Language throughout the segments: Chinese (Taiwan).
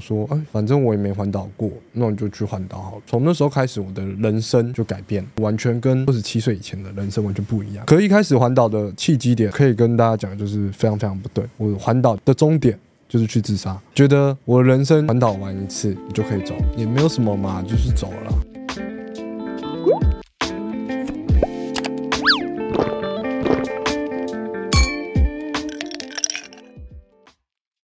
說哎，反正我也沒環島過，那我就去環島好了。從那時候開始，我的人生就改變了，完全跟二十七歲以前的人生完全不一樣。可一開始環島的契機點，可以跟大家講，就是非常非常不對。我環島的終點就是去自殺，覺得我的人生環島完一次，我就可以走，也沒有什麼嘛，就是走了。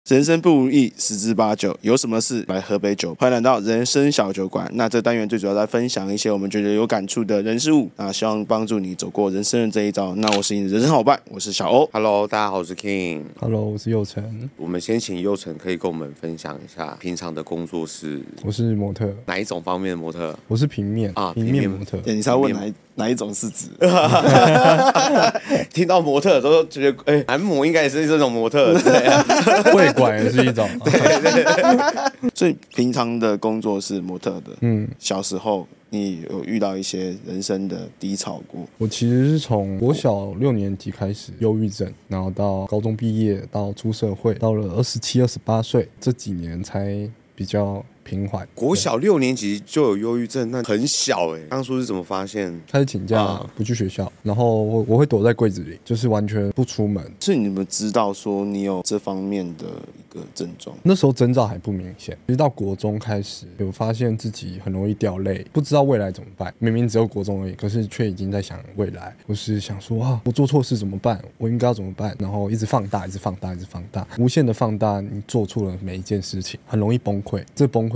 人生不如意，十之八九。有什麼事來喝杯酒？歡迎來到人生小酒館。那這單元最主要在分享一些我們覺得有感觸的人事物，那希望幫助你走過人生的這一遭。那我是你的人生好伴，我是小歐。Hello，大家好，我是 King。Hello，我是祐誠。我們先請祐誠可以跟我們分享一下平常的工作是？我是模特。哪一種方面的模特？我是平面啊，平面模特。模特 yeah, 你是要問哪哪一種是指？ 聽到模特都覺得，誒、欸、男模應該也是這種模特，對呀、啊。 果然是一種，對對對，對。 所以平常的工作是模特的。嗯，小時候你有遇到一些人生的低潮過？我其實是從國小六年級開始憂鬱症，然後到高中畢業，到出社會，到了二十七、二十八歲這幾年才比較，平緩，國小六年級就有憂鬱症，那很小哎、欸。當初是怎麼發現？開始請假、啊、不去學校，然後我，我會躲在櫃子裡，就是完全不出門。所以你們知道說你有這方面的一個症狀，那時候徵兆還不明顯。直到國中開始有發現自己很容易掉淚，不知道未來怎麼辦。明明只有國中而已，可是卻已經在想未來，我是想說啊，我做錯事怎麼辦？我應該要怎麼辦？然後一直，一直放大，一直放大，一直放大，無限的放大。你做錯了每一件事情，很容易崩潰。這崩潰。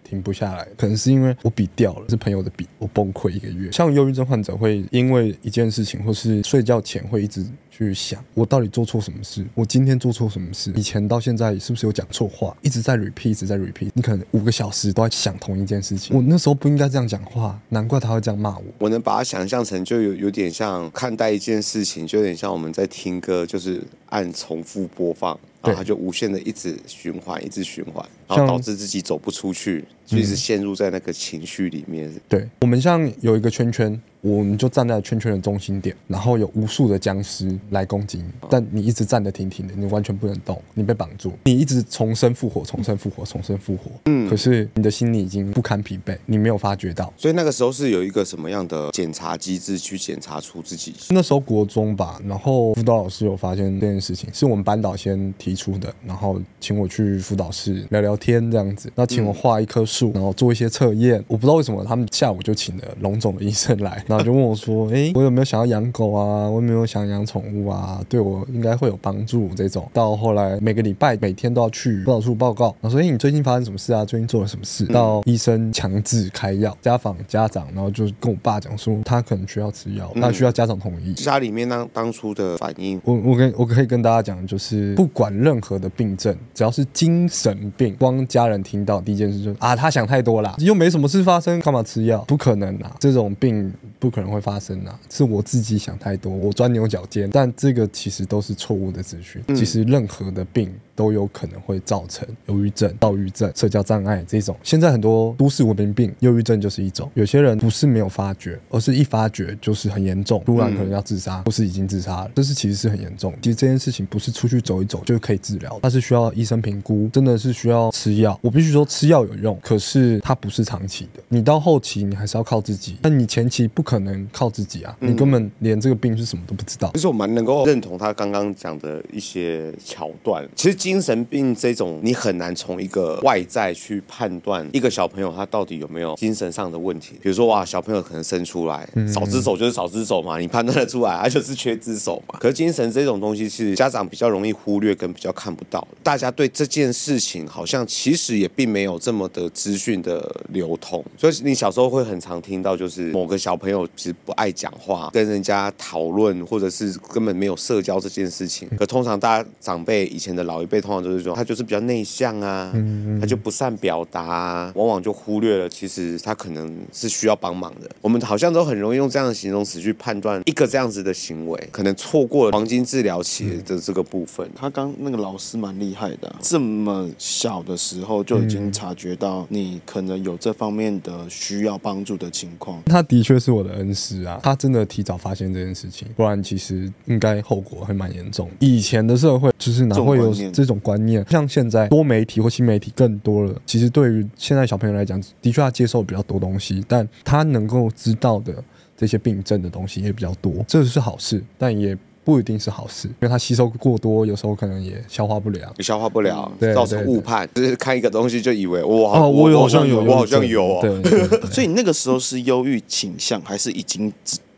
停不下來，可能是因為我筆掉了，是朋友的筆，我崩潰一個月。像憂鬱症患者會因為一件事情，或是睡覺前會一直去想，我到底做錯什麼事？我今天做錯什麼事？以前到現在是不是有講錯話？一直在 repeat，一直在 repeat。你可能五個小時都在想同一件事情。嗯、我那時候不應該這樣講話，難怪他會這樣罵我。我能把它想象成就有有點像看待一件事情，就有點像我們在聽歌，就是按重複播放，對然後就無限的一直循環，一直循環，然後導致自己走不出去。所以是陷入在那個情緒裡面，嗯對，對我們像有一個圈圈。我們就站在圈圈的中心點，然後有無數的僵屍來攻擊你，但你一直站得挺挺的，你完全不能動，你被綁住，你一直重生復活，重生復活，重生復活，嗯，可是你的心裡已經不堪疲憊，你沒有發覺到。所以那個時候是有一個什麼樣的檢查機制去檢查出自己？那時候國中吧，然後輔導老師有發現這件事情，是我們班導先提出的，然後請我去輔導室聊聊天這樣子，那請我畫一棵樹，然後做一些測驗，嗯，我不知道為什麼他們下午就請了榮總的醫生來。然後就問我說：“哎、欸，我有沒有想要養狗啊？我有沒有想養寵物啊？對我應該會有幫助這種。”到後來每個禮拜每天都要去輔導處報告。然後說：“哎、欸，你最近發生什麼事啊？最近做了什麼事？”嗯、到醫生強制開藥，家訪家長，然後就跟我爸講說：“他可能需要吃藥，那、嗯、需要家長同意。”家裡面當當初的反應，我我跟我可以跟大家講，就是不管任何的病症，只要是精神病，光家人聽到第一件事就是、啊，他想太多啦，又沒什麼事發生，幹嘛吃藥？不可能啦，這種病。不可能會發生啊！是我自己想太多，我鑽牛角尖。但這個其實都是錯誤的資訊。其實任何的病。都有可能會造成憂鬱症、躁鬱症、社交障礙這種。現在很多都市文明病，憂鬱症就是一種。有些人不是沒有發覺，而是一發覺就是很嚴重，突然可能要自殺，嗯、或是已經自殺了。這是其實是很嚴重。其實這件事情不是出去走一走就可以治療，它是需要醫生評估，真的是需要吃藥。我必須說吃藥有用，可是它不是長期的。你到後期你還是要靠自己，但你前期不可能靠自己啊，嗯、你根本連這個病是什麼都不知道。其實我蠻能夠認同他剛剛講的一些橋段，其實今。精神病這種，你很難從一個外在去判斷一個小朋友他到底有沒有精神上的問題。比如說，哇，小朋友可能生出來少隻手就是少隻手嘛，你判斷得出來，他就是缺隻手嘛。可是精神這種東西是家長比較容易忽略跟比較看不到，大家對這件事情好像其實也並沒有這麼的資訊的流通，所以你小時候會很常聽到就是某個小朋友其實不愛講話，跟人家討論或者是根本沒有社交這件事情。可通常大家長輩以前的老一輩，被通常就是說，他就是比較內向啊，他就不善表達、啊，往往就忽略了，其實他可能是需要幫忙的。我們好像都很容易用這樣的形容詞去判斷一個這樣子的行為，可能錯過了黃金治療期的這個部分。他剛那個老師蠻厲害的，這麼小的時候就已經察覺到你可能有這方面的需要幫助的情況。他的確是我的恩師啊，他真的提早發現這件事情，不然其實應該後果還蠻嚴重的。以前的社會就是哪會有？這種觀念，像現在多媒體或新媒體更多了。其實對於現在小朋友來講，的確他接受比較多東西，但他能夠知道的這些病症的東西也比較多，這是好事，但也不一定是好事，因為他吸收過多，有時候可能也消化不良，消化不良，造成誤判，就是看一個東西就以為哇我我好像有，我好像有，我好像有哦。 對對對對，所以你那個時候是憂鬱傾向 還是已經？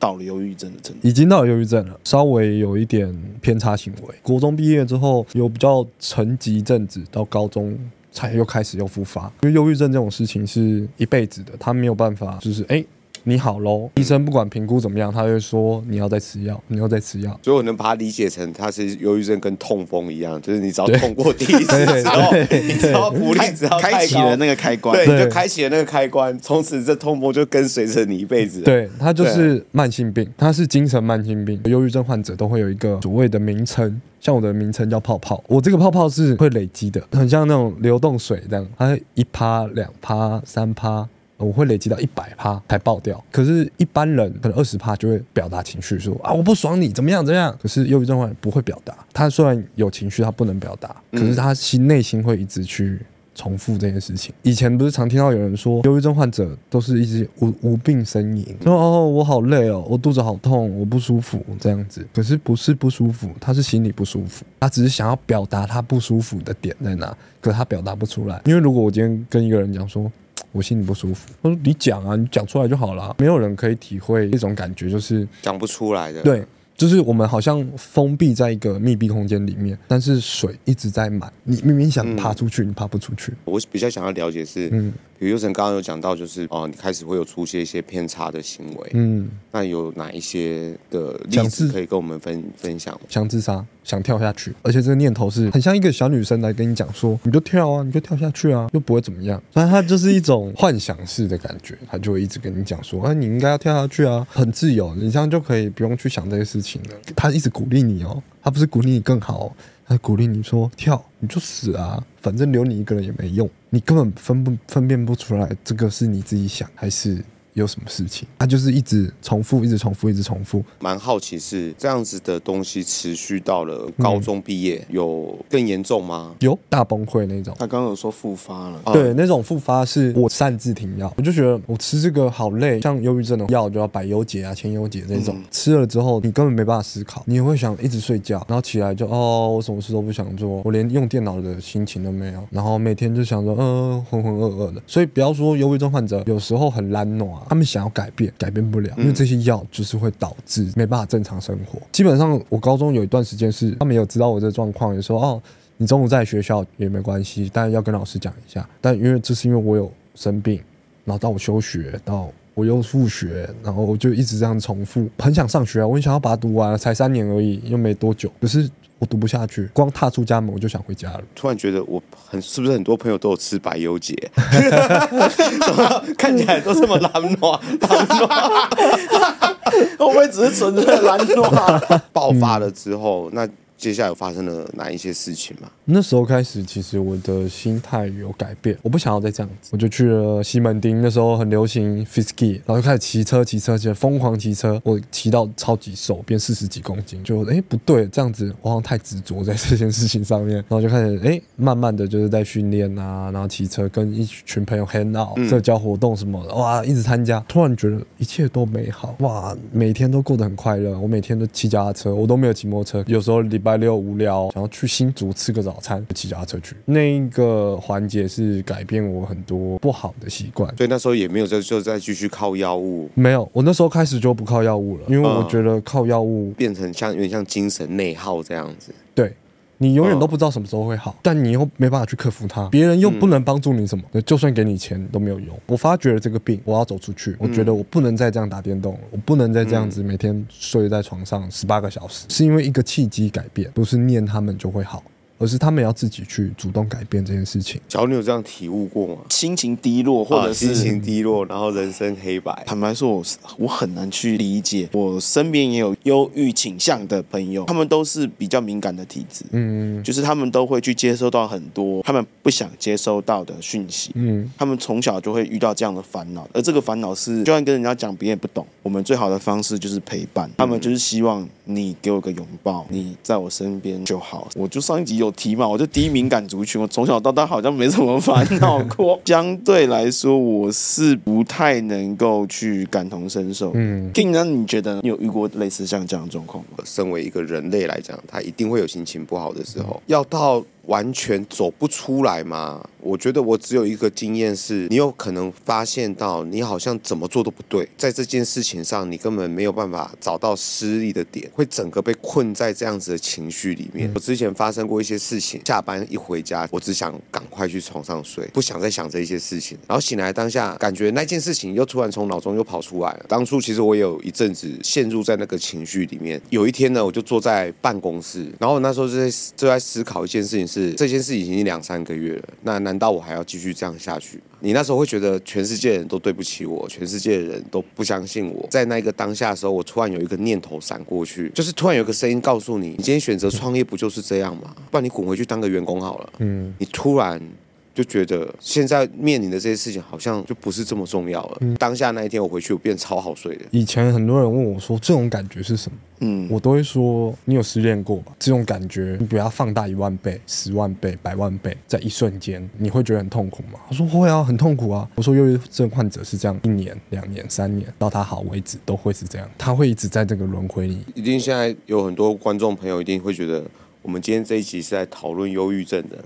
到了憂鬱症的症，已經到了憂鬱症了，稍微有一點偏差行為。國中畢業之後，有比較沉寂一陣子，到高中才又開始又復發。因為憂鬱症這種事情是一輩子的，他沒有辦法，就是哎。欸你好嘍，醫生不管評估怎麼樣，他就說你要再吃藥，你要再吃藥。吃藥所以我能把它理解成，它是憂鬱症跟痛風一樣，就是你只要痛過第一次之後，對對對對你只要負離子開啟了那個開關，對,對，你就開啟了那個開關，從此這痛風就跟隨着你一輩子。對，它就是慢性病，它是精神慢性病。憂鬱症患者都會有一個所謂的名稱，像我的名稱叫“泡泡”，我這個泡泡是會累積的，很像那種流動水這樣，它一趴、兩趴、三趴。我會累積到一百趴才爆掉，可是一般人可能二十趴就會表達情緒，說啊我不爽你怎麼樣怎麼樣。可是憂鬱症患者不會表達，他雖然有情緒，他不能表達，可是他心內心會一直去重複這件事情。嗯、以前不是常聽到有人說，憂鬱症患者都是一直無無病呻吟，說哦我好累哦，我肚子好痛，我不舒服這樣子。可是不是不舒服，他是心裡不舒服，他只是想要表達他不舒服的點在哪，可是他表達不出來。因為如果我今天跟一個人講說。我心裡不舒服。他說：“你講啊，你講出來就好了。沒有人可以體會這種感覺，就是講不出來的。對，就是我們好像封閉在一個密閉空間裡面，但是水一直在滿。你明明想爬出去，嗯、你爬不出去。我比較想要了解是，嗯。”祐誠剛剛有講到，就是哦，你開始會有出現一些偏差的行為。嗯，那有哪一些的例子可以跟我們分分享？想自殺，想跳下去，而且這個念頭是很像一個小女生來跟你講說：“你就跳啊，你就跳下去啊，又不會怎麼樣。”所以她就是一種幻想式的感覺，她就會一直跟你講說：“哎，你應該要跳下去啊，很自由，你這樣就可以不用去想這些事情了。”她一直鼓勵你哦，她不是鼓勵你更好。還鼓勵你說跳，你就死啊！反正留你一個人也沒用，你根本分不分辨不出來，這個是你自己想還是？有什麼事情？他就是一直重複，一直重複，一直重複。蠻好奇是這樣子的東西持續到了高中畢業，嗯、有更嚴重嗎？有大崩潰那種。他剛剛有說復發了。對，那種復發是我擅自停藥，嗯、我就覺得我吃這個好累，像憂鬱症的藥就要百憂解啊、千憂解那種，嗯、吃了之後你根本沒辦法思考，你也會想一直睡覺，然後起來就哦，我什麼事都不想做，我連用電腦的心情都沒有，然後每天就想說嗯，渾渾噩噩的。所以不要說憂鬱症患者有時候很懶惰。他們想要改變，改變不了，因為這些藥就是會導致沒辦法正常生活。嗯，基本上，我高中有一段時間是他們有知道我這狀況，也說哦，你中午在學校也沒關係，但要跟老師講一下。但因為這是因為我有生病，然後到我休學，到我又復學，然後我就一直這樣重複。很想上學啊，我很想要把它讀完，才三年而已，又沒多久，可是。我讀不下去，光踏出家門我就想回家了。突然覺得我很是不是很多朋友都有吃百憂解， 怎麼看起來都這麼懶惰，會不會只是純粹的懶惰？ 爆發了之後、嗯、那。接下來有發生了哪一些事情嗎？那時候開始，其實我的心態有改變，我不想要再這樣子，我就去了西門町。那時候很流行 fisky，然後就開始騎車，騎車，騎，瘋狂騎車。我騎到超級瘦，變四十幾公斤，就哎、欸、不對，這樣子我好像太執着在這件事情上面。然後就開始哎、欸，慢慢的就是在訓練啊，然後騎車，跟一群朋友 hang out，、嗯、社交活動什麼的，哇，一直參加。突然覺得一切都美好，哇，每天都過得很快樂。我每天都騎腳踏車，我都沒有騎摩托車。有時候禮拜。無聊，然後去新竹吃個早餐，騎着車去。那一個環節是改變我很多不好的習慣，所以那時候也沒有再就，就再繼續靠藥物。沒有，我那時候開始就不靠藥物了，因為我覺得靠藥物、嗯、變成像有點像精神內耗這樣子。對。你永遠都不知道什麼時候會好，但你又沒辦法去克服它，別人又不能幫助你什麼，就算給你錢都沒有用。我發覺了這個病，我要走出去。我覺得我不能再這樣打電動，我不能再這樣子每天睡在床上十八個小時，是因為一個契機改變，不是念他們就會好。可是他們也要自己去主動改變這件事情。小祐，你有這樣體悟過嗎？心情低落，啊、或者心情低落，然後人生黑白。坦白說，我我很難去理解。我身邊也有憂鬱傾向的朋友，他們都是比較敏感的體質。嗯，嗯，就是他們都會去接收到很多他們不想接收到的訊息。嗯，嗯，他們從小就會遇到這樣的煩惱，而這個煩惱是，就算跟人家講，別人也不懂。我們最好的方式就是陪伴。嗯、他們就是希望你給我個擁抱，你在我身邊就好。我就上一集有。題嘛，我就低敏感族群，我從小到大好像沒什麼煩惱過。 相對來說，我是不太能夠去感同身受。嗯，King，那你覺得你有遇過類似像這樣狀況？身為一個人類來講，他一定會有心情不好的時候，要到完全走不出來嗎？我覺得我只有一個經驗是，你有可能發現到你好像怎麼做都不對，在這件事情上，你根本沒有辦法找到施力的點，會整個被困在這樣子的情緒裡面。我之前發生過一些事情，下班一回家，我只想趕快去床上睡，不想再想這些事情。然後醒來當下，感覺那件事情又突然從腦中又跑出來了。當初其實我也有一陣子陷入在那個情緒裡面。有一天呢，我就坐在辦公室，然後那時候就在就在思考一件事情，是這件事已經兩三個月了。那那。難道我還要繼續這樣下去？你那時候會覺得全世界人都對不起我，全世界的人都不相信我。在那個當下的時候，我突然有一個念頭閃過去，就是突然有個聲音告訴你，你今天選擇創業不就是這樣嗎？不然你滾回去當個員工好了。嗯，你突然。就覺得現在面臨的這些事情好像就不是這麼重要了。嗯，當下那一天我回去，我變超好睡的。以前很多人問我說這種感覺是什麼？嗯，我都會說你有失戀過吧？這種感覺你把它放大一萬倍、十萬倍、百萬倍，在一瞬間你會覺得很痛苦嗎？他說會啊，很痛苦啊。我說憂鬱症患者是這樣，一年、兩年、三年到他好為止都會是這樣，他會一直在這個輪回裡。一定現在有很多觀眾朋友一定會覺得。我們今天這一集是在討論憂鬱症的，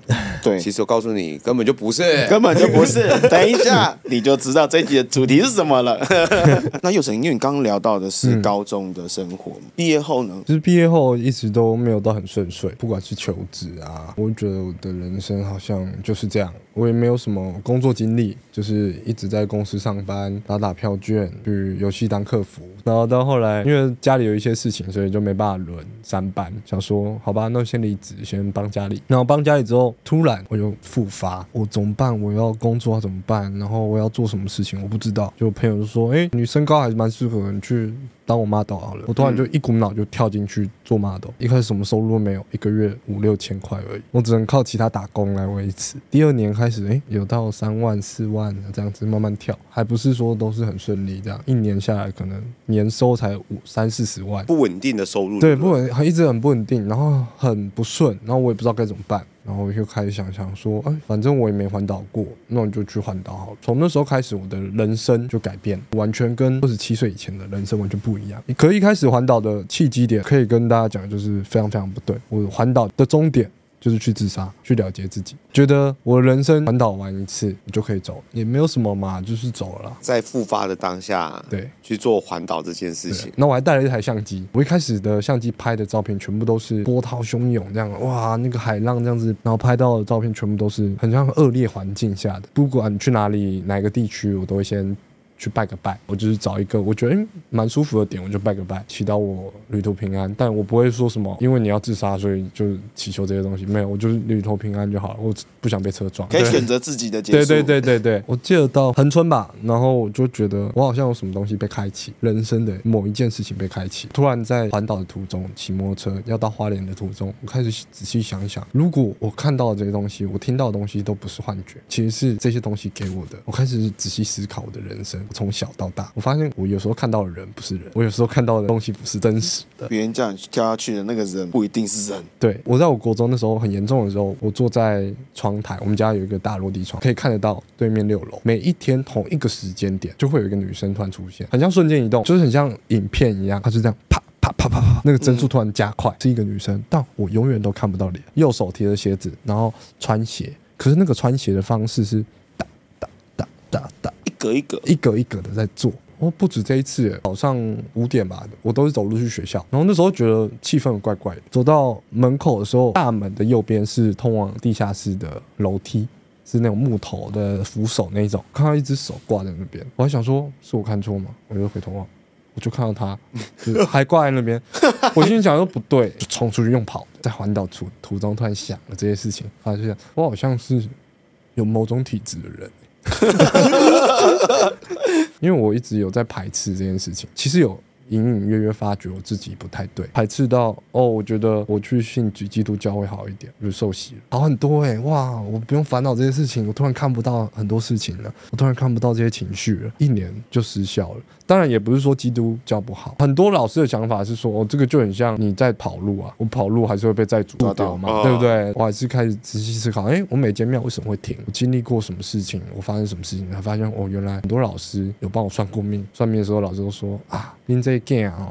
對， 其實我告訴你，根本就不是，根本就不是。等一下 你就知道這一集的主題是什麼了。 那又怎樣？因為你剛剛聊到的是高中的生活，畢、嗯、業後呢？就是畢業後一直都沒有到很順遂，不管是求職啊，我覺得我的人生好像就是這樣，我也沒有什麼工作經歷，就是一直在公司上班，打打票券，去遊戲當客服，然後到後來因為家裡有一些事情，所以就沒辦法輪三班，想說好吧，那。先離職，先幫家裡。然後幫家裡之後，突然我就復發，我怎麼辦？我要工作怎麼辦？然後我要做什麼事情？我不知道。就我朋友就說，誒、欸，你身高還是蠻適合你去。當我 model 好了，我突然就一股腦就跳進去做 model、嗯。一開始什麼收入都沒有，一個月五六千塊而已，我只能靠其他打工來維持。第二年開始，哎、欸，有到三萬、四萬這樣子慢慢跳，還不是說都是很順利這樣。一年下來，可能年收才五三四十萬，不穩定的收入對。對，不穩，一直很不穩定，然後很不順，然後我也不知道該怎麼辦。然後我就開始想想說，哎，反正我也沒環島過，那我就去環島好了。從那時候開始，我的人生就改變了，完全跟二十七歲以前的人生完全不一樣。你可以一開始環島的契機點，可以跟大家講，就是非常非常不對。我環島的終點。就是去自殺，去了結自己，覺得我人生環島玩一次我就可以走，也沒有什麼嘛，就是走了啦。在復發的當下，對，去做環島這件事情。那我還帶了一台相機，我一開始的相機拍的照片全部都是波濤洶湧這樣，哇，那個海浪這樣子，然後拍到的照片全部都是很像惡劣環境下的，不管去哪裡哪個地區，我都會先。去拜個拜，我就是找一個我覺得蠻舒服的點，我就拜個拜，祈禱我旅途平安。但我不會說什麼，因為你要自殺，所以就祈求這些東西，沒有，我就是旅途平安就好了。我。不想被車撞，可以選擇自己的結束。對對對對對，我記得到恆春吧，然後我就覺得我好像有什麼東西被開啟，人生的某一件事情被開啟。突然在環島的途中，騎摩托車要到花蓮的途中，我開始仔細想一想，如果我看到的這些東西，我聽到的東西都不是幻覺，其實是這些東西給我的。我開始仔細思考我的人生，從小到大，我發現我有時候看到的人不是人，我有時候看到的東西不是真實的。別人這樣跳下去的那個人不一定是人。對，我在我國中的時候很嚴重的時候，我坐在床台我們家有一個大落地窗，可以看得到對面六樓。每一天同一個時間點，就會有一個女生突然出現，很像瞬間移動，就是很像影片一樣，她就這樣啪啪啪啪啪，那個幀數突然加快，嗯、是一個女生，但我永遠都看不到臉。右手提着鞋子，然後穿鞋，可是那個穿鞋的方式是噠噠噠噠噠，一格一格，一格一格的在做。我、哦、不止這一次，早上五點吧，我都是走路去學校。然後那時候覺得氣氛怪怪的。走到門口的時候，大門的右邊是通往地下室的樓梯，是那種木頭的扶手那一種。看到一隻手掛在那邊，我還想說是我看錯嗎？我就回頭望，我就看到他，就還掛在那邊。我心裡想說不對，就衝出去用跑，在環島途途中突然想了這些事情，發現我好像是有某種體質的人。哈哈哈！ 因為我一直有在排斥這件事情，其實有。隱隱約約發覺我自己不太對，排斥到哦，我覺得我去信基督教會好一點，就受洗了，好、啊、很多哎、欸，哇，我不用煩惱這些事情，我突然看不到很多事情了，我突然看不到這些情緒了，一年就失效了。當然也不是說基督教不好，很多老師的想法是說哦，這個就很像你在跑路啊，我跑路還是會被債主抓走嘛，對不對？啊、我還是開始仔細思考，哎，我每間廟為什麼會停？我經歷過什麼事情？我發生什麼事情？才發現哦，原來很多老師有幫我算過命，算命的時候老師都說啊，因這。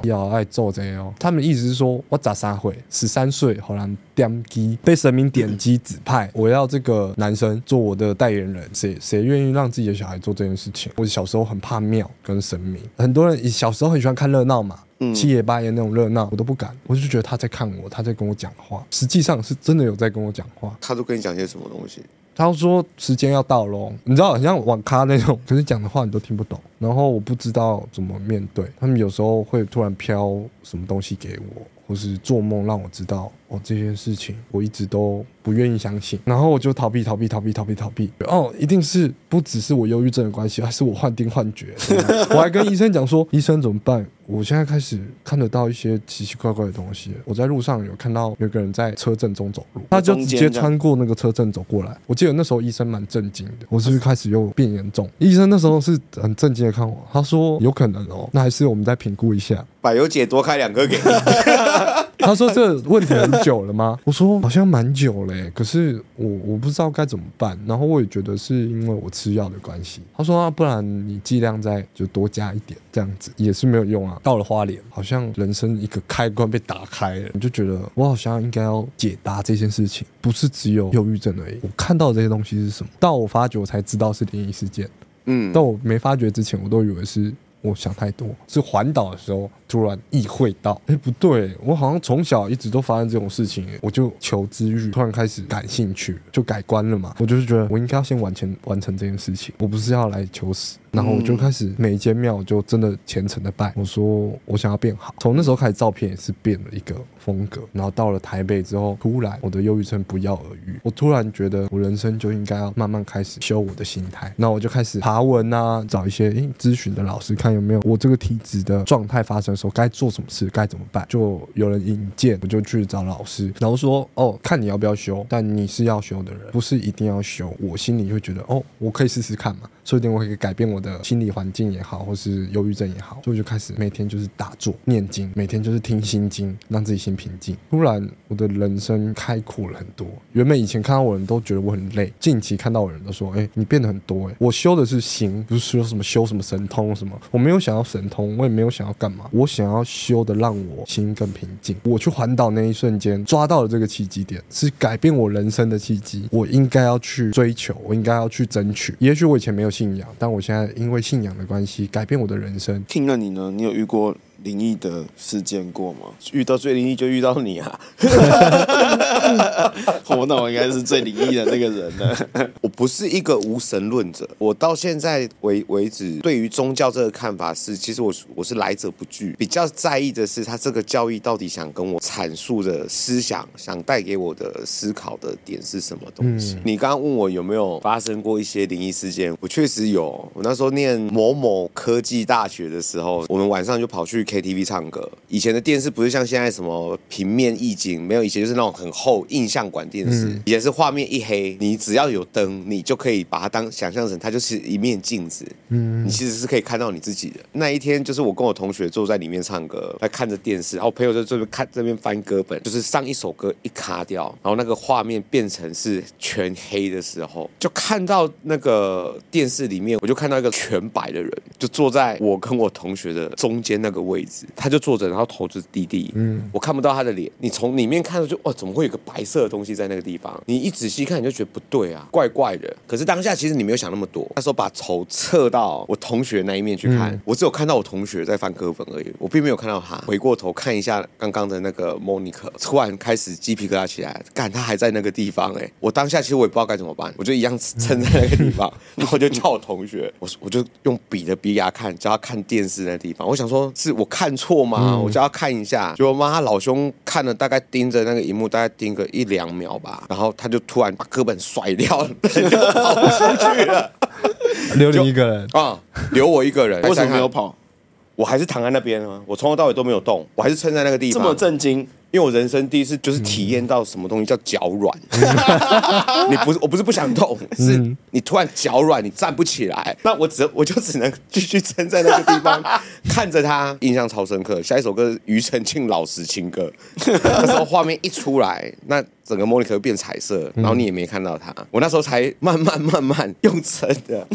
要愛做這個、哦，他們意思是說，我咋三歲十三歲好難點擊，被神明點擊指派，我要這個男生做我的代言人，誰誰願意讓自己的小孩做這件事情？我小時候很怕廟跟神明，很多人小時候很喜歡看熱鬧嘛，七爺八爺那種熱鬧，我都不敢，我就覺得他在看我，他在跟我講話，實際上是真的有在跟我講話。他都跟你講些什麼東西？他說時間要到了，你知道，好像網咖那種，可是講的話你都聽不懂，然後我不知道怎麼面對。他們有時候會突然飄什麼東西給我，或是做夢讓我知道。哦，這件事情我一直都不願意相信，然後我就逃避、逃避、逃避、逃避、逃避。哦，一定是不只是我憂鬱症的關係，而是我幻聽幻覺。 我還跟醫生講說，醫生怎麼辦？我現在開始看得到一些奇奇怪怪的東西。我在路上有看到有個人在車陣中走路，他就直接穿過那個車陣走過來。我記得那時候醫生蠻震驚的，我是不是開始又變嚴重？ 醫生那時候是很震驚的看我，他說有可能哦，那還是我們再評估一下。百憂解多開兩個給你。 他說：“這個問題很久了嗎？”我說：“好像蠻久了，欸，可是我我不知道該怎麼辦。”然後我也覺得是因為我吃藥的關係。他說、啊：“不然你劑量再就多加一點，這樣子也是沒有用啊。”到了花蓮，好像人生一個開關被打開了，我就覺得我好像應該要解答這件事情，不是只有憂鬱症而已。我看到這些東西是什麼？到我發覺，我才知道是靈異事件。嗯，但我沒發覺之前，我都以為是。我想太多，是環島的時候突然意會到，哎、欸，不對、欸，我好像從小一直都發生這種事情，欸，我就求知欲突然開始感興趣，就改觀了嘛。我就是覺得我應該要先完全完成這件事情，我不是要來求死，然後我就開始每一間廟就真的虔誠的拜。我說我想要變好，從那時候開始照片也是變了一個風格，然後到了台北之後，突然我的憂鬱症不藥而愈。我突然覺得我人生就應該要慢慢開始修我的心態，那我就開始爬文啊，找一些誒諮詢的老師看有沒有我這個體質的狀態發生的時候該做什麼事，該怎麼辦？就有人引薦，我就去找老師，然後說哦，看你要不要修，但你是要修的人，不是一定要修。我心裡會覺得哦，我可以試試看嘛，說不定我可以改變我的心理環境也好，或是憂鬱症也好，所以我就開始每天就是打坐念經，每天就是聽心經，讓自己心。平靜。突然，我的人生開闊了很多。原本以前看到我的人都覺得我很累，近期看到我的人都說：“誒、欸，你變得很多。”誒，我修的是心，不是說什麼修什麼神通什麼。我沒有想要神通，我也沒有想要幹嘛。我想要修的，讓我心更平靜。我去環島那一瞬間，抓到了這個契機點，是改變我人生的契機。我應該要去追求，我應該要去爭取。也許我以前沒有信仰，但我現在因為信仰的關係，改變我的人生。聽了你呢？你有遇過？靈異的事件過嗎？遇到最靈異就遇到你啊！我、 oh, 那我應該是最靈異的那個人了。 我不是一個無神論者，我到現在為為止，對於宗教這個看法是，其實我是我是來者不拒。比較在意的是，他這個教義到底想跟我闡述的思想，想帶給我的思考的點是什麼東西？嗯、你剛剛問我有沒有發生過一些靈異事件，我確實有。我那時候念某、某某科技大學的時候，我們晚上就跑去。KTV 唱歌，以前的電視不是像現在什麼平面液晶，沒有以前就是那種很厚映像管電視。嗯，以前是畫面一黑，你只要有燈，你就可以把它當想象成它就是一面鏡子。嗯，你其實是可以看到你自己的。那一天就是我跟我同學坐在裡面唱歌，還看着電視，然後朋友在這邊看這邊翻歌本，就是上一首歌一卡掉，然後那個畫面變成是全黑的時候，就看到那個電視裡面，我就看到一個全白的人，就坐在我跟我同學的中間那個位置。他就坐着，然後頭就低低。嗯，我看不到他的臉。你從裡面看到就哦，怎麼會有個白色的東西在那個地方？你一仔細看，你就覺得不對啊，怪怪的。可是當下其實你沒有想那麼多。他說把頭側到我同學那一面去看，我只有看到我同學在翻課本而已，我並沒有看到他。回過頭看一下剛剛的那個莫妮克，突然開始雞皮疙瘩起來，幹，他還在那個地方哎、欸！我當下其實我也不知道該怎麼辦，我就一樣撐在那個地方，然後我就叫我同學，我我就用筆的筆給他看，叫他看電視那個地方。我想說是我。我看錯嘛、嗯、我就要看一下，就我媽她老兄看了，大概盯着那個螢幕，大概盯個一兩秒吧，然後他就突然把胳本甩掉了， 跑出去了，留你一個人啊、嗯，留我一個人，為什麼沒有跑？ 我還是躺在那邊，我從頭到尾都沒有動，我還是撐在那個地方，這麼震驚。因為我人生第一次就是體驗到什麼東西叫腳軟，嗯、 你不是我不是不想動，是你突然腳軟，你站不起來，那我只我就只能繼續站在那個地方 看着他，印象超深刻。下一首歌是庾澄慶老師情歌， 那時候畫面一出來，那。整個莫尼克變彩色，然後你也沒看到他。嗯、我那時候才慢慢慢慢用撐的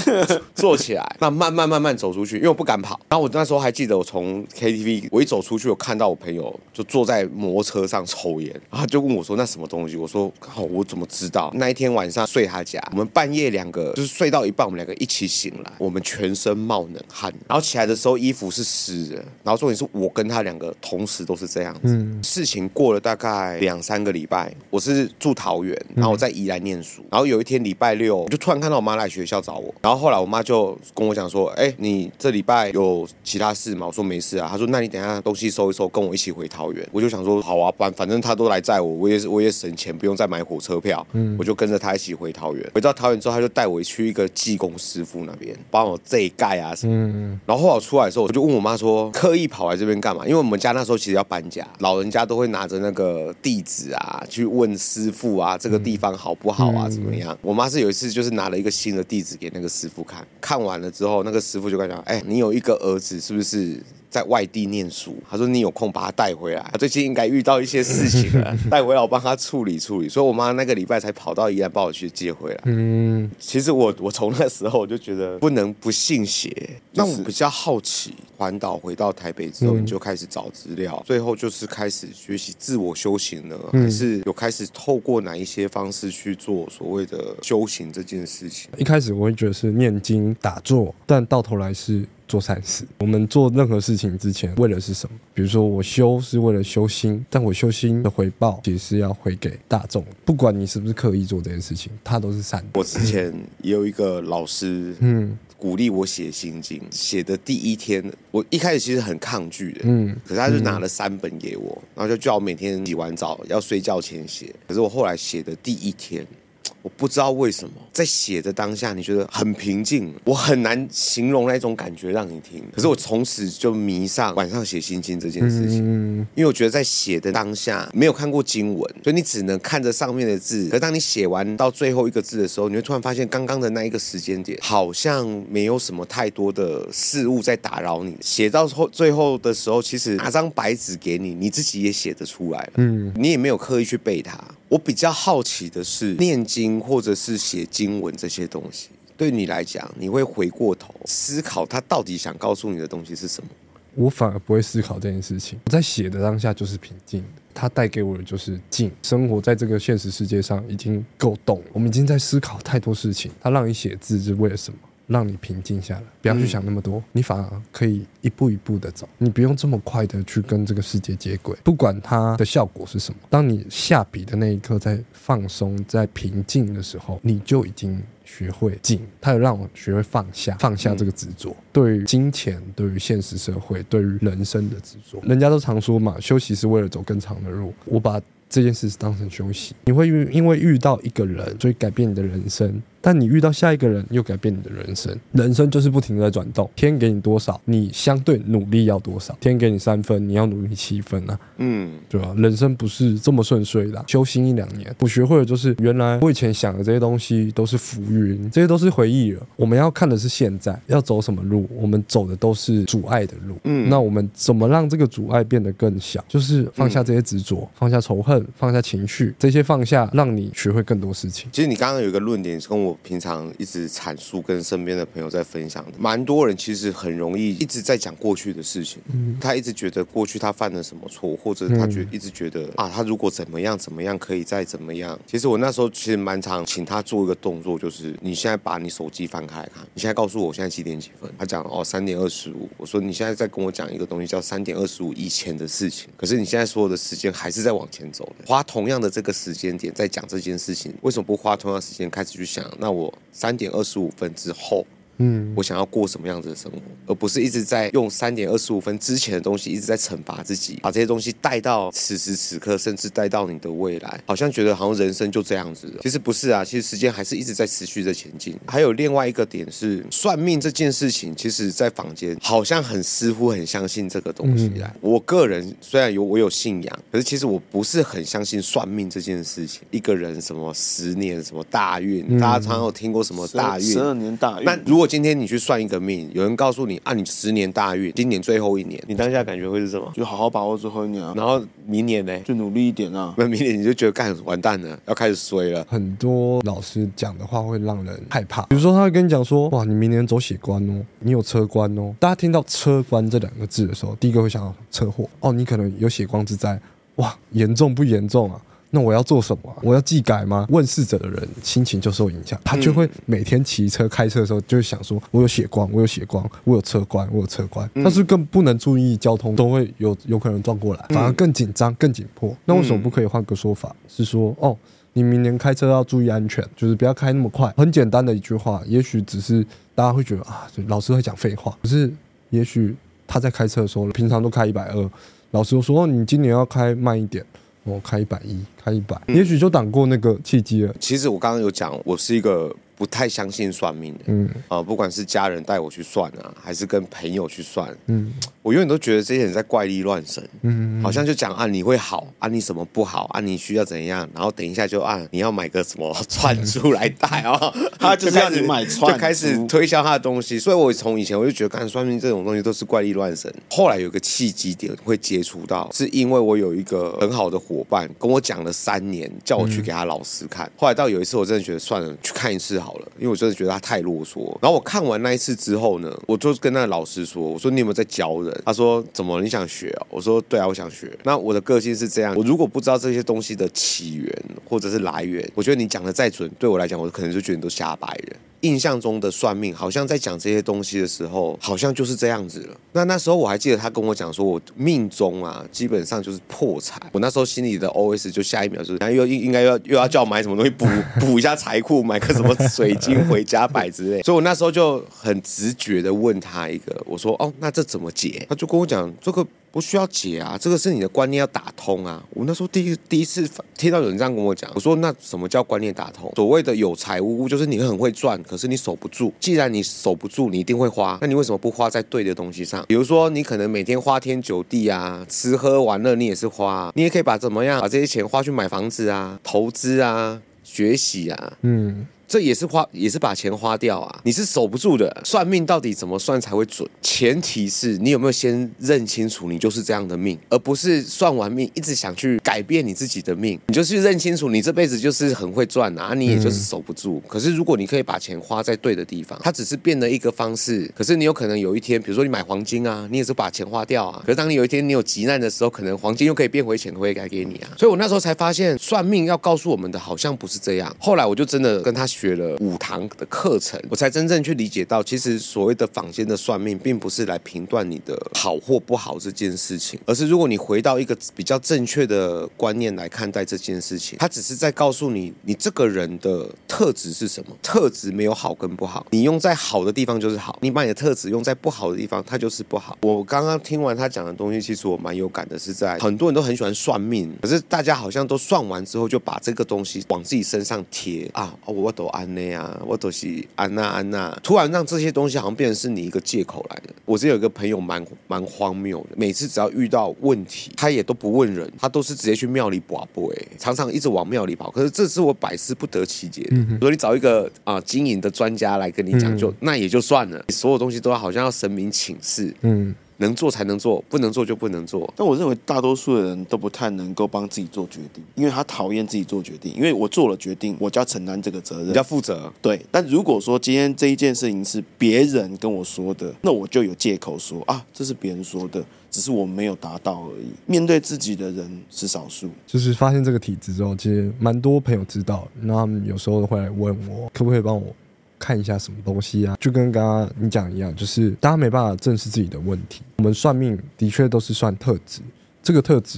坐 起來，慢慢慢慢慢走出去，因為我不敢跑。然後我那時候還記得，我從 KTV，我一走出去，我看到我朋友就坐在摩托車上抽菸，然後他就問我說：“那什麼東西？”我說：“我怎麼知道？”那一天晚上睡他家，我們半夜兩個就是睡到一半，我們兩個一起醒來，我們全身冒冷汗，然後起來的時候衣服是濕的，然後重點是我跟他兩個同時都是這樣子。嗯、事情過了大概兩三個禮拜，我。我是住桃園，然後我在宜蘭念書。嗯、然後有一天禮拜六，我就突然看到我媽來學校找我。然後後來我媽就跟我講說：“哎、欸，你這禮拜有其他事嗎？”我說：“沒事啊。”她說：“那你等一下東西收一收，跟我一起回桃園。”我就想說：“好啊，反反正她都來載我，我也是我也省錢，不用再買火車票。”嗯，我就跟着她一起回桃園。回到桃園之後，她就帶我去一個技工師傅那邊幫我這一蓋啊什麼。嗯，然後後來我出來的時候，我就問我媽說：“刻意跑來這邊幹嘛？”因為我們家那時候其實要搬家，老人家都會拿着那個地址啊去問。師傅啊，這個地方好不好啊？嗯、怎麼樣？嗯嗯、我媽是有一次就是拿了一個新的地址給那個師傅看，看完了之後，那個師傅就跟他講：“哎，你有一個兒子是不是？”在外地念書，他說你有空把他帶回來。他最近應該遇到一些事情了， 帶回來我幫他處理處理。所以我媽那個禮拜才跑到醫院幫我去接回來。嗯，其實我我從那時候我就覺得不能不信邪。那、就是、我比較好奇，環島回到台北之後，你就開始找資料，嗯、最後就是開始學習自我修行了，嗯、還是有開始透過哪一些方式去做所謂的修行這件事情？一開始我會覺得是念經打坐，但到頭來是。做善事。我們做任何事情之前，為的是什麼？比如說我修是為了修心，但我修心的回報其實是要回給大眾，不管你是不是刻意做這件事情，它都是善。我之前也有一個老師，嗯，鼓勵我寫心經。寫、嗯、寫的第一天，我一開始其實很抗拒的，嗯。可是他就拿了三本給我，然後就叫我每天洗完澡要睡覺前寫。可是我後來寫的第一天，我不知道為什麼在寫的當下，你覺得很平靜，我很難形容那一種感覺讓你聽。可是我從此就迷上晚上寫心經這件事情，嗯，因為我覺得在寫的當下沒有看過經文，所以你只能看着上面的字。可是當你寫完到最後一個字的時候，你會突然發現剛剛的那一個時間點好像沒有什麼太多的事物在打擾你。寫到後最後的時候，其實拿張白紙給你，你自己也寫得出來了，嗯，你也沒有刻意去背它。我比較好奇的是，念經或者是寫經文這些東西，對你來講，你會回過頭思考他到底想告訴你的東西是什麼？我反而不會思考這件事情。我在寫的當下就是平靜，它帶給我的就是靜。生活在這個現實世界上已經夠動，我們已經在思考太多事情。他讓你寫字是為了什麼？讓你平靜下來，不要去想那麼多，嗯、你反而可以一步一步的走，你不用這麼快的去跟這個世界接軌。不管它的效果是什麼，當你下筆的那一刻，在放鬆、在平靜的時候，你就已經學會靜。它有讓我學會放下，放下這個執着，嗯、對於金錢、對於現實社會、對於人生的執着。人家都常說嘛，休息是為了走更長的路。我把這件事當成休息，你會因為遇到一個人，所以改變你的人生。但你遇到下一個人又改變你的人生，人生就是不停的在轉動。天給你多少，你相對努力要多少。天給你三分，你要努力七分啊。嗯，對吧、啊？人生不是這麼順遂的、啊。修行一兩年，我學會了就是原來我以前想的這些東西都是浮雲，這些都是回憶了。我們要看的是現在要走什麼路，我們走的都是阻礙的路。嗯，那我們怎麼讓這個阻礙變得更小？就是放下這些執着，放下仇恨，放下情緒，這些放下讓你學會更多事情。其實你剛剛有一個論點是跟我。平常一直闡述跟身邊的朋友在分享的，蠻多人其實很容易一直在講過去的事情。嗯，他一直覺得過去他犯了什麼錯，或者他覺一直覺得啊，他如果怎麼樣怎麼樣可以再怎麼樣。其實我那時候其實蠻常請他做一個動作，就是你現在把你手機翻開來看，你現在告訴我，我現在幾點幾分。他講哦三點二十五，我說你現在在跟我講一個東西叫三點二十五以前的事情，可是你現在所有的時間還是在往前走的，花同樣的這個時間點在講這件事情，為什麼不花同樣時間開始去想？那我三點二十五分之後。嗯，我想要過什麼樣子的生活，而不是一直在用三點二十五分之前的東西一直在懲罰自己，把這些東西帶到此時此刻，甚至帶到你的未來，好像覺得好像人生就這樣子。其實不是啊，其實時間還是一直在持續着前進。還有另外一個點是，算命這件事情，其實在坊間好像很似乎很相信這個東西啊。我個人雖然有我有信仰，可是其實我不是很相信算命這件事情。一個人什麼十年什麼大運，大家常常有聽過什麼大運十二年大運，那如果今天你去算一個命，有人告訴你按、啊、你十年大運，今年最後一年，你當下感覺會是什麼？就好好把握最後一年啊。然後明年呢？就努力一點啊。那明年你就覺得幹完蛋了，要開始衰了。很多老師講的話會讓人害怕，比如說他會跟你講說，哇，你明年走血光哦，你有車關哦。大家聽到車關這兩個字的時候，第一個會想到車禍哦。你可能有血光之災，哇，嚴重不嚴重啊？那我要做什麼、啊？我要祭改嗎？問事者的人心情就受影響，他就會每天騎車、開車的時候，就會想說：我有血光，我有血光，我有車關，我有車關。但是更不能注意交通，都會有有可能撞過來，反而更緊張、更緊迫。那為什麼不可以換個說法？是說：哦，你明年開車要注意安全，就是不要開那麼快。很簡單的一句話，也許只是大家會覺得啊，對，老師會講廢話。可是也許他在開車的時候，平常都開一百二，老師說、哦、你今年要開慢一點。我開一百一，開一百，嗯、也許就擋過那個契機了。其實我剛剛有講，我是一個不太相信算命的，嗯啊、呃，不管是家人帶我去算啊，還是跟朋友去算，嗯，我永遠都覺得這些人在怪力亂神，嗯，好像就講啊，你會好啊，你什麼不好啊，你需要怎樣，然後等一下就按、啊、你要買個什麼串珠來戴啊、哦， 他就是要你買串珠，就開始推銷他的東西，所以我從以前我就覺得幹算命這種東西都是怪力亂神。後來有個契機點會接觸到，是因為我有一個很好的夥伴跟我講了三年，叫我去給他老師看。嗯、後來到有一次我真的覺得算了，去看一次好。因為我真的覺得他太囉嗦。然後我看完那一次之後呢，我就跟那個老師說：“我說你有沒有在教人？”他說：“怎麼你想學啊？”我說：“對啊，我想學。”那我的個性是這樣，我如果不知道這些東西的起源或者是來源，我覺得你講的再準，對我來講，我可能就覺得你都瞎掰了。印象中的算命，好像在講這些東西的時候，好像就是這樣子了。那那時候我還記得他跟我講說，我命中啊，基本上就是破財。我那時候心裡的 OS 就下一秒是，他又應應該又要又要叫我買什麼東西補補一下財庫，買個什麼水晶回家擺之類。所以我那時候就很直覺的問他一個，我說哦，那這怎麼解？他就跟我講這個。不需要解啊，這個是你的觀念要打通啊。我那時候第一第一次聽到有人這樣跟我講，我說那什麼叫觀念打通？所謂的有財無物，就是你很會賺，可是你守不住。既然你守不住，你一定會花。那你為什麼不花在對的東西上？比如說，你可能每天花天酒地啊，吃喝玩樂，你也是花啊。你也可以把怎麼樣把這些錢花去買房子啊，投資啊，學習啊，嗯。這也是花，也是把錢花掉啊，你是守不住的。算命到底怎麼算才會準？前提是你有沒有先認清楚，你就是這樣的命，而不是算完命一直想去改變你自己的命。你就是認清楚，你這輩子就是很會賺啊，你也就是守不住。嗯嗯，可是如果你可以把錢花在對的地方，它只是變了一個方式。可是你有可能有一天，比如說你買黃金啊，你也是把錢花掉啊。可是當你有一天你有急難的時候，可能黃金又可以變回錢，可以改給你啊。所以我那時候才發現，算命要告訴我們的好像不是這樣。後來我就真的跟他學。學了五堂的課程，我才真正去理解到，其實所謂的坊間的算命，並不是來評斷你的好或不好這件事情，而是如果你回到一個比較正確的觀念來看待這件事情，他只是在告訴你，你這個人的特質是什麼，特質沒有好跟不好，你用在好的地方就是好，你把你的特質用在不好的地方，它就是不好。我剛剛聽完他講的東西，其實我蠻有感的，是在很多人都很喜歡算命，可是大家好像都算完之後就把這個東西往自己身上貼啊，哦，我懂。安的呀，我都、就是安娜。安、啊、娜、啊啊、突然讓這些東西好像變成是你一個借口來的。我這有一個朋友蠻蠻荒謬的，每次只要遇到問題，他也都不問人，他都是直接去廟裡卜卜，常常一直往廟裡跑。可是這是我百思不得其解的。嗯、哼如果你找一個啊、呃、經營的專家來跟你講，嗯、哼就那也就算了，你所有東西都好像要神明請示。嗯。能做才能做，不能做就不能做。但我認為大多數的人都不太能夠幫自己做決定，因為他討厭自己做決定。因為我做了決定，我就要承擔這個責任，要負責。對。但如果說今天這一件事情是別人跟我說的，那我就有借口說啊，這是別人說的，只是我沒有達到而已。面對自己的人是少數，就是發現這個體質之後，其實蠻多朋友知道，那他們有時候會來問我，可不可以幫我？看一下什麼東西啊？就跟剛剛你講一樣，就是大家沒辦法正視自己的問題。我們算命的確都是算特質，這個特質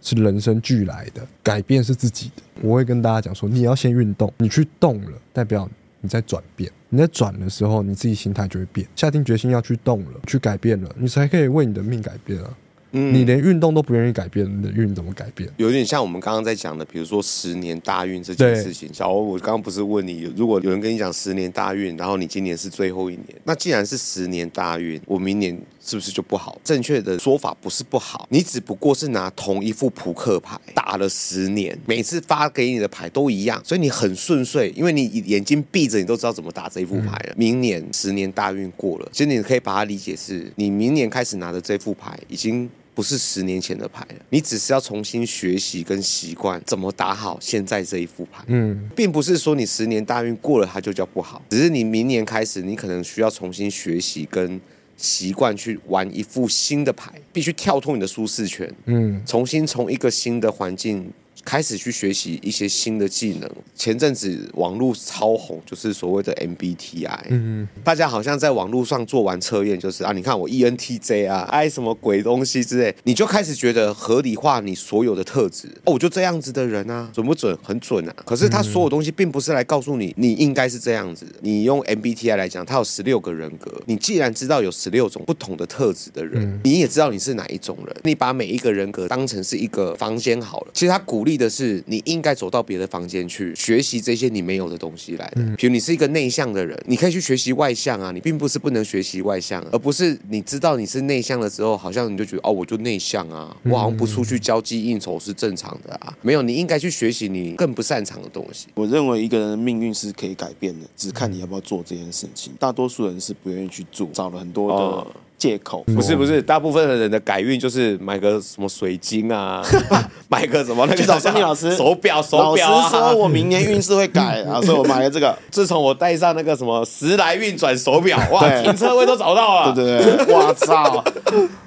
是人生俱來的，改變是自己的。我會跟大家講說，你要先運動，你去動了，代表你在轉變。你在轉的時候，你自己心態就會變。下定決心要去動了，去改變了，你才可以為你的命改變啊。嗯，你連運動都不願意改變，你的運怎麼改變？有點像我們剛剛在講的，比如說十年大運這件事情。對小歐，我剛剛不是問你，如果有人跟你講十年大運，然後你今年是最後一年，那既然是十年大運，我明年是不是就不好？正確的說法不是不好，你只不過是拿同一副撲克牌打了十年，每次發給你的牌都一樣，所以你很順遂，因為你眼睛閉着，你都知道怎麼打這一副牌了。嗯、明年十年大運過了，其實你可以把它理解是，你明年開始拿的這副牌已經。不是十年前的牌了，你只是要重新學習跟習慣怎麼打好現在這一副牌。嗯，並不是說你十年大運過了它就叫不好，只是你明年開始你可能需要重新學習跟習慣去玩一副新的牌，必須跳脫你的舒適圈，嗯，重新從一個新的環境。開始去學習一些新的技能。前陣子網絡超紅，就是所謂的 MBTI。嗯嗯，大家好像在網絡上做完測驗，就是啊，你看我 ENTJ 啊、哎，愛什麼鬼東西之類，你就開始覺得合理化你所有的特質。哦，我就這樣子的人啊，準不準？很準啊。可是他所有東西並不是來告訴你，你應該是這樣子的。你用 MBTI 來講，他有十六個人格。你既然知道有十六種不同的特質的人，你也知道你是哪一種人。你把每一個人格當成是一個房間好了。其實他鼓勵。的是，你應該走到別的房間去學習這些你沒有的東西來的，比如你是一個內向的人，你可以去學習外向啊。你並不是不能學習外向啊，而不是你知道你是內向的時候，好像你就覺得哦，我就內向啊，我好像不出去交際應酬是正常的啊。沒有，你應該去學習你更不擅長的東西。我認為一個人的命運是可以改變的，只看你要不要做這件事情。嗯，大多數人是不願意去做，找了很多的，哦。借口、嗯、不是不是，大部分的人的改運就是買個什麼水晶啊， 買個什麼那找小米老師手錶手錶。老師說我明年運勢會改，啊、嗯，所以我買了這個。自從我戴上那個什麼時來運轉手錶， 哇，停車位都找到了，對對對，我操！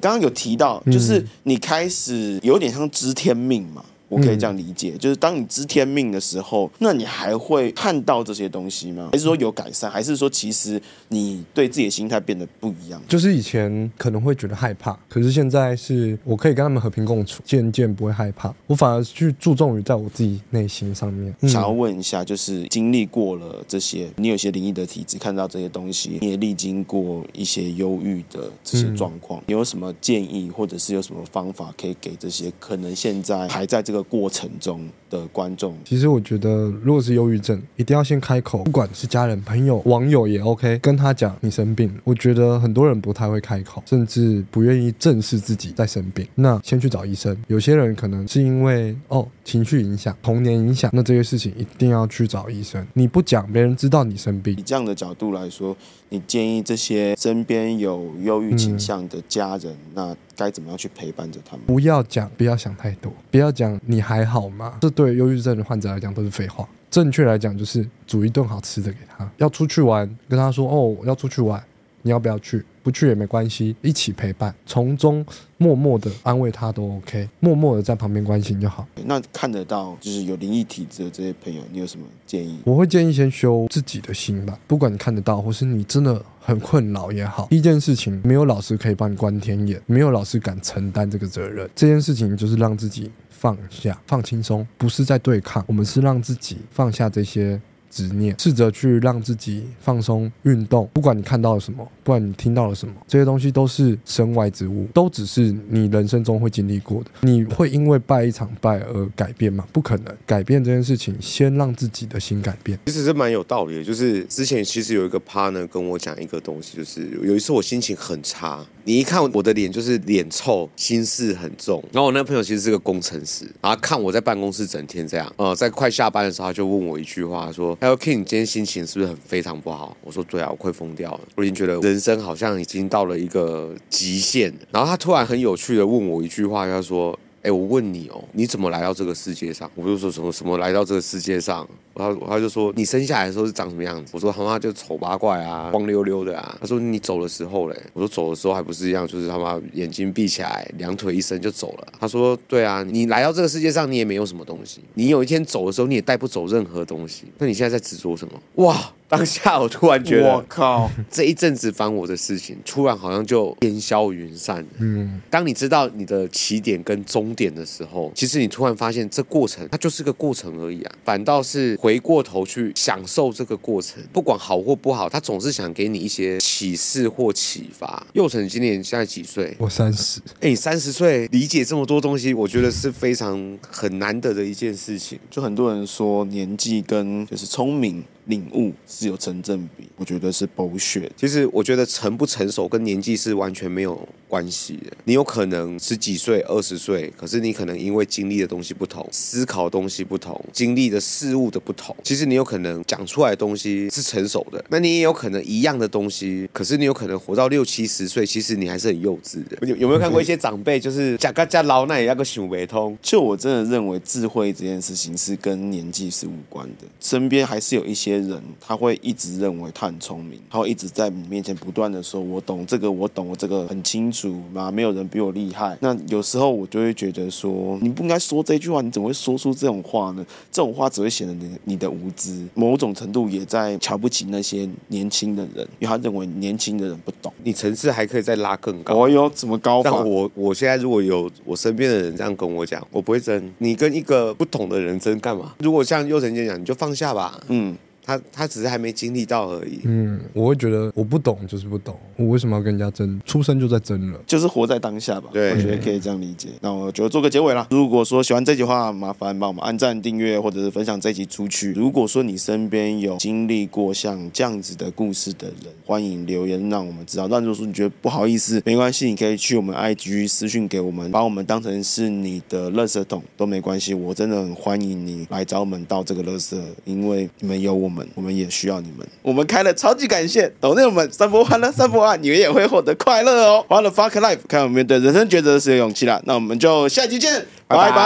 剛剛 有提到，就是你開始有點像知天命嘛。我可以這樣理解，嗯、就是當你知天命的時候，那你還會看到這些東西嗎？還是說有改善？嗯、還是說其實你對自己的心態變得不一樣？就是以前可能會覺得害怕，可是現在是我可以跟他們和平共處，漸漸不會害怕。我反而去注重於在我自己內心上面。嗯、想要問一下，就是經歷過了這些，你有些靈異的體質，看到這些東西，你也歷經過一些憂鬱的這些狀況，你、嗯、有什麼建議，或者是有什麼方法可以給這些可能現在還在這個？過程中。的觀眾，其實我覺得，如果是憂鬱症，一定要先開口，不管是家人、朋友、網友也 OK，跟他講你生病。我覺得很多人不太會開口，甚至不願意正視自己在生病。那先去找醫生。有些人可能是因為哦情緒影響、童年影響，那這些事情一定要去找醫生。你不講，沒人知道你生病。以這樣的角度來說，你建議這些身邊有憂鬱傾向的家人，嗯、那該怎麼樣去陪伴着他們？不要講，不要想太多，不要講你還好嗎？對憂鬱症的患者來講，都是廢話。正確來講，就是煮一頓好吃的給他，要出去玩，跟他說：“哦，我要出去玩。”你要不要去？不去也沒關係，一起陪伴，從中默默的安慰他都 OK，默默的在旁邊關心就好。那看得到就是有靈異體質的這些朋友，你有什麼建議？我會建議先修自己的心吧。不管你看得到，或是你真的很困擾也好，一件事情沒有老師可以幫你關天眼，沒有老師敢承擔這個責任。這件事情就是讓自己放下，放輕鬆，不是在對抗。我們是讓自己放下這些執念，試着去讓自己放鬆、運動。不管你看到了什麼，不管你聽到了什麼，這些東西都是身外之物，都只是你人生中會經歷過的。你會因為拜一場拜而改變嗎？不可能，改變這件事情，先讓自己的心改變。其實是蠻有道理的。就是之前其實有一個 partner 跟我講一個東西，就是有一次我心情很差。你一看我的臉就是臉臭，心事很重。然後我那朋友其實是個工程師，然後看我在辦公室整天這樣，呃，在快下班的時候他就問我一句話，說：“Hello King，你今天心情是不是很非常不好？”我說：“對啊，我快瘋掉了，我已經覺得人生好像已經到了一個極限。”然後他突然很有趣的問我一句話，他就是說。哎、欸，我問你哦，你怎麼來到這個世界上？我就說什麼什麼來到這個世界上，然後他，他就說你生下來的時候是長什麼樣子？我說他媽就醜八怪啊，光溜溜的啊。他說你走的時候嘞？我說走的時候還不是一樣，就是他媽眼睛閉起來，兩腿一伸就走了。他說對啊，你來到這個世界上，你也沒有什麼東西，你有一天走的時候，你也帶不走任何東西。那你現在在執着什麼？哇！當下我突然覺得，我靠，這一陣子煩我的事情，突然好像就煙消雲散了。嗯，當你知道你的起點跟終點的時候，其實你突然發現這過程它就是個過程而已啊。反倒是回過頭去享受這個過程，不管好或不好，他總是想給你一些啟示或啟發。祐誠今年現在幾歲？我三十。哎，你三十歲理解這麼多東西，我覺得是非常很難得的一件事情。就很多人說年紀跟就是聰明。領悟是有成正比，我覺得是 bullshit。其實我覺得成不成熟跟年紀是完全沒有關係你有可能十幾歲、二十歲，可是你可能因為經歷的東西不同、思考的東西不同、經歷的事物的不同，其實你有可能講出來的東西是成熟的。那你也有可能一樣的東西，可是你有可能活到六七十歲，其實你還是很幼稚的。有有沒有看過一些長輩，就是甲個加老奶要個想為通？就我真的認為智慧這件事情是跟年紀是無關的。身邊還是有一些人，他會一直認為他很聰明，然後一直在你面前不斷的說：“我懂這個，我懂我這個很清楚。”主嘛，沒有人比我厲害。那有時候我就會覺得說，你不應該說這句話，你怎麼會說出這種話呢？這種話只會顯得你你的無知，某種程度也在瞧不起那些年輕的人，因為他認為年輕的人不懂。你層次還可以再拉更高。我有什麼高？但我我現在如果有我身邊的人這樣跟我講，我不會爭。你跟一個不懂的人爭幹嘛？如果像祐誠姐講，你就放下吧。嗯。他他只是還沒經歷到而已。嗯，我會覺得我不懂就是不懂，我為什麼要跟人家爭？出生就在爭了，就是活在當下吧。對，我覺得可以這樣理解。那我就做個結尾啦，如果說喜歡這集的話，麻煩幫我們按讚、訂閱或者是分享這集出去。如果說你身邊有經歷過像這樣子的故事的人，歡迎留言讓我們知道。那如果說你覺得不好意思，沒關係，你可以去我們 IG 私訊給我們，把我們當成是你的垃圾桶都沒關係，我真的很歡迎你來找我們倒這個垃圾，因為你們有我們。我們也需要你們。我們開了，超級感謝，訂閱我們，散播歡樂、散播愛，你們也會獲得快樂哦。完了 fuck life，看我們面對人生抉擇是有勇氣了。那我們就下期見，拜拜。拜拜拜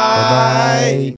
拜。